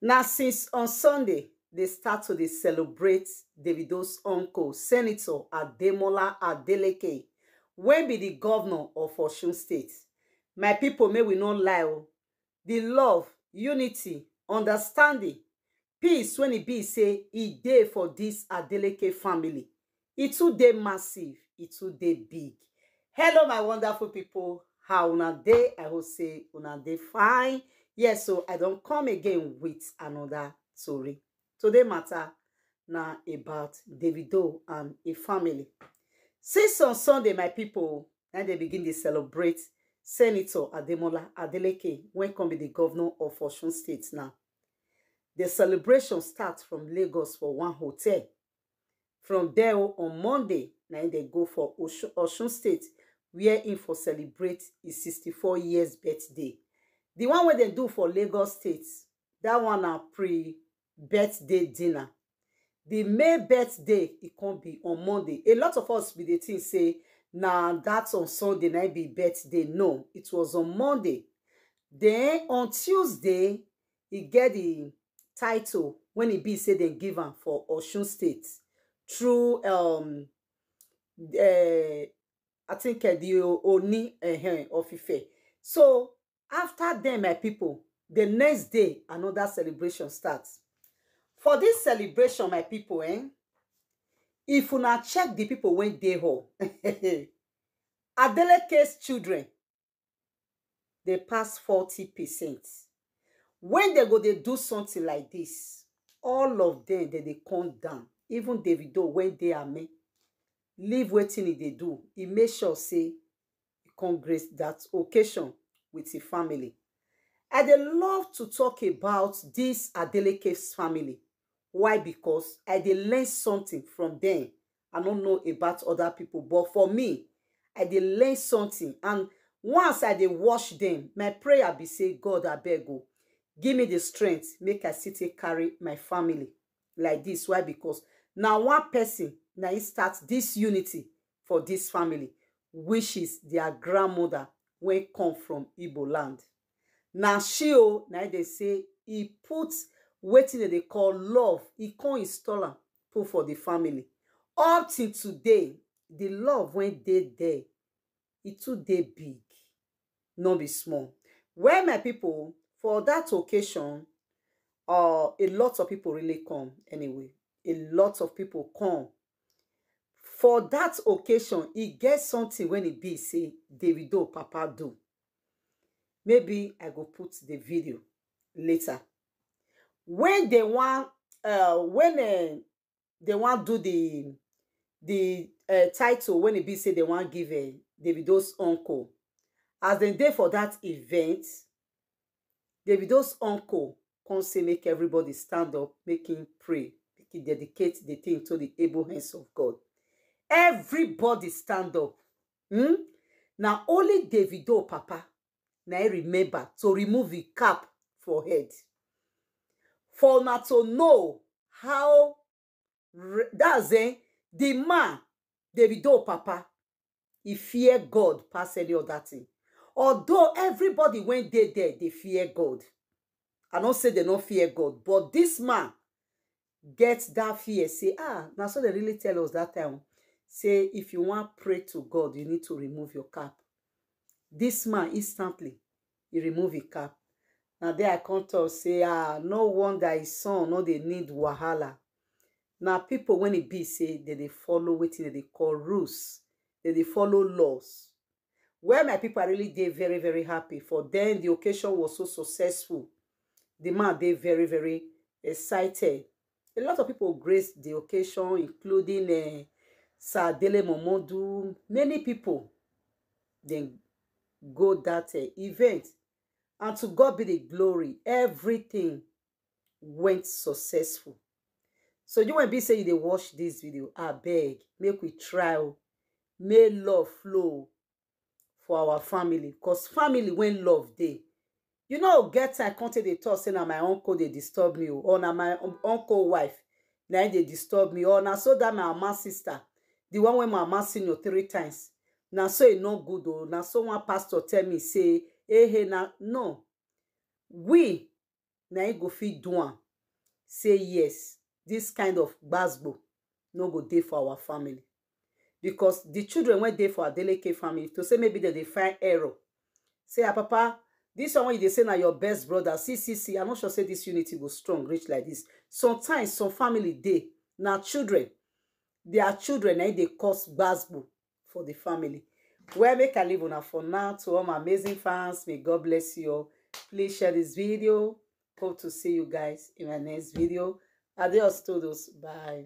Now, since on Sunday, they start to dey celebrate Davido's uncle, Senator Ademola Adeleke, when be the governor of Oshun State. My people, may we not lie o. The love, unity, understanding, peace when it e be say e day for this Adeleke family. E too dey massive, e too dey big. Hello, my wonderful people. How una day I will say una day fine yes so i don come again with another story. today matter now about davido and im e family since on sunday my people, na they begin to celebrate senator ademola adeleke when come be the governor of Oshun state now the celebration starts from lagos for one hotel from there on monday na they go for Oshun state where in for celebrate his e 64 years birthday the one where they do for lagos state that one na pre-birthday dinner the may birthday it e come be on monday a lot of us be dey think say na that's on sunday night be birthday no it was on monday then on tuesday he get the title when he be say dem given for Oshun state through um, uh, i think uh, the oni uh, of ife so after dem my people. the next day another celebration starts. for this celebration my people, eh if not check the people when they dey hall case children They pass 40 percent wen dem go they do something like this. all of them, they they come down even davido they are me. leave wetin e dey do He make sure say e come grace dat occasion with the family. I dey love to talk about this Adeleke's family. Why? Because I dey learn something from them. I don't know about other people, but for me, I dey learn something. And once I dey watch them, my prayer be say, God, I beg you, oh, give me the strength, make I still take carry my family like this. Why? Because now one person now he starts this unity for this family, which is their grandmother wey come from igbo land na she o na dey say e put wetin dem dey call love e come install am put for the family up till today the love wey dey there e too dey big no be small well my people for that occasion uh, a lot of people really come anyway a lot of people come for that occasion e get something when e be say davido papa do maybe i go put the video later when they wan uh, when uh, they wan do the the uh, title when e be say they wan give uh, davido's uncle as dem dey for that event davido's uncle come say make everybody stand up make him pray make he dedicate the thing to the able hands of god everybody stand up hmm? na only davido papa na I remember to remove the cap for head for una to know how that's eh, the man davido papa he fear god pass any other thing although everybody wey dey there they fear god i don't say they no fear god but this man gets that fear say ah Now so they really tell us that time say if you wan pray to god you need to remove your cap This man instantly he remove e cap Now there i come talk say ah no wonder his son no they need wahala Now people when it be say that they follow wetin that they call rules that they follow laws Where my people i really they very very happy for then the occasion was so successful The man they very very excited a lot of people grace the occasion including eh, Sadele Momodu, many people, then go that uh, event. And to God be the glory. Everything went successful. So you won't be saying they watch this video. I beg, make we trial, oh. may love flow for our family. Because family when love day. You know, get time content they talk saying my uncle they disturb me, oh, or na my uncle wife, now they disturb me, or now so that my mama sister the one when wey mama you three times now so it e no good o oh. Now so one pastor tell me say hey eh, hey, now no we now go feed do say yes this kind of gbasgbo no go day for our family because the children went day for adeleke family to say maybe they define find error say ah papa this one you they say now your best brother see see see I'm not sure say this unity go strong rich like this sometimes some family day now children their children na eh, dey cause gbasgbo for the family Where make i leave una for now to all my amazing fans may god bless you all please share this video hope to see you guys in my next video adios todos bye